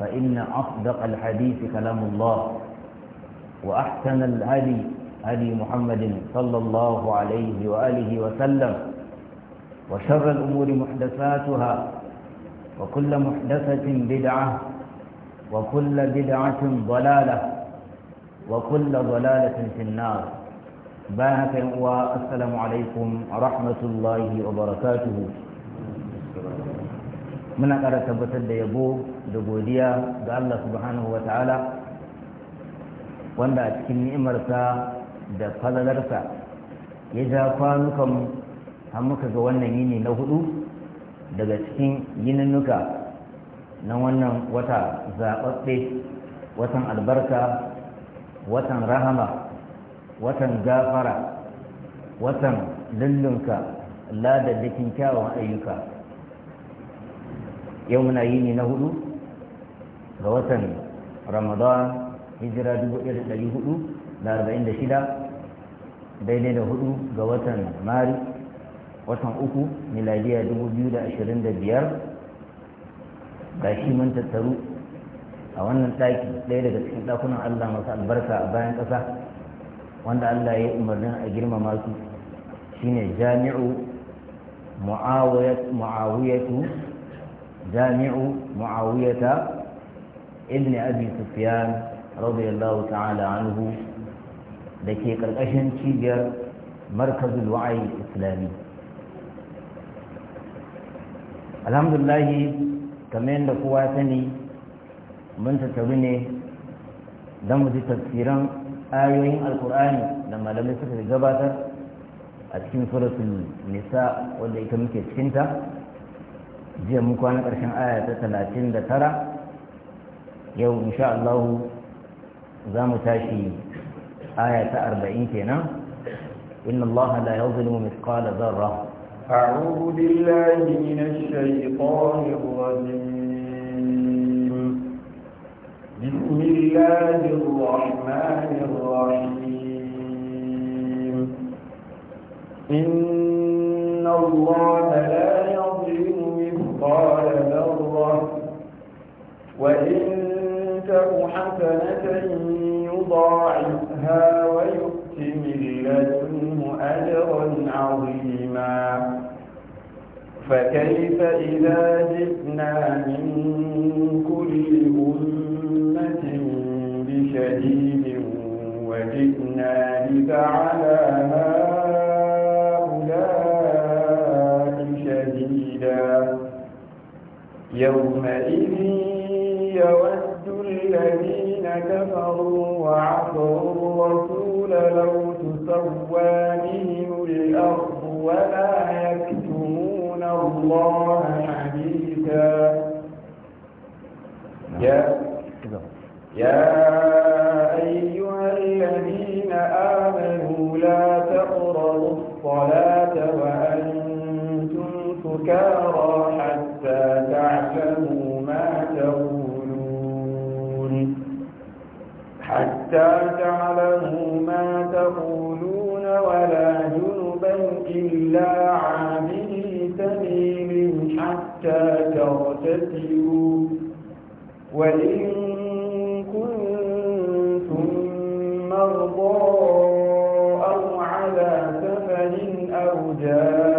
فإن أصدق الحديث كلام الله وأحسن الهدي هدي محمد صلى الله عليه وآله وسلم وشر الأمور محدثاتها وكل محدثة بدعة وكل بدعة ضلالة وكل ضلالة في النار باهك والسلام عليكم ورحمة الله وبركاته muna ƙara tabbatar da yabo da godiya ga Allah subhanahu wa ta'ala wanda a cikin ni'imarsa da falalarsa ya ja kwanukan har muka ga wannan yini na hudu daga cikin yininnuka na wannan wata zaɓaɓɓe watan albarka watan rahama watan gafara watan lullunka ladaddakin kyawawan ayyuka yau muna yi ne na hudu ga watan ramadan hijira 1446 daidai da hudu ga watan mari watan uku miladiya 2025 ga shi mun tattaru a wannan ɗaki ɗaya daga cikin ɗakunan allah masu albarka a bayan ƙasa wanda allah ya yi umarnin a girmama su shine jami'u mu'awiyatu جامع معاوية ابن أبي سفيان رضي الله تعالى عنه لكي قرقشن شيجر مركز الوعي الإسلامي الحمد لله كمان لقواتني من تتبني دمج تفسيرا آيوين القرآن لما لم يستطع gabatar a cikin suratul nisa wanda ita muke cikinta jiya mun kwana ƙarshen aya ta talatin da tara yau insha Allah za mu tashi aya ta arba'in kenan inna Allah la yuzlimu mithqala dharra a'udhu billahi minash shaytanir rajim bismillahir rahmanir rahim inna Allah la وإن تك حسنة يضاعفها ويؤتم من لدنه أجرا عظيما فكيف إذا جئنا من كل أمة بشهيد وجئنا بك على هؤلاء شهيدا يومئذ يود الذين كفروا وعصوا الرسول لو تسوى بهم الأرض ولا يكتمون الله حديثا يا, يا أيها الذين آمنوا لا تقربوا الصلاة وأنتم سكارى حتى تعلموا حتى تعلموا ما تقولون ولا جنبا إلا عامل سبيل حتى تغتسلوا وإن كنتم مرضى أو على سفر أو جاهل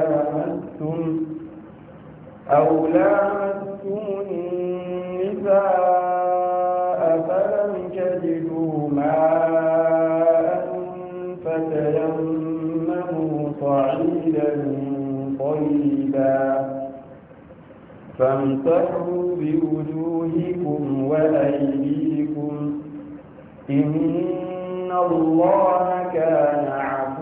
لامستم أو لامستم النساء فلم تجدوا ماء فتيمموا صعيدا طيبا فامسحوا بوجوهكم وأيديكم إن الله كان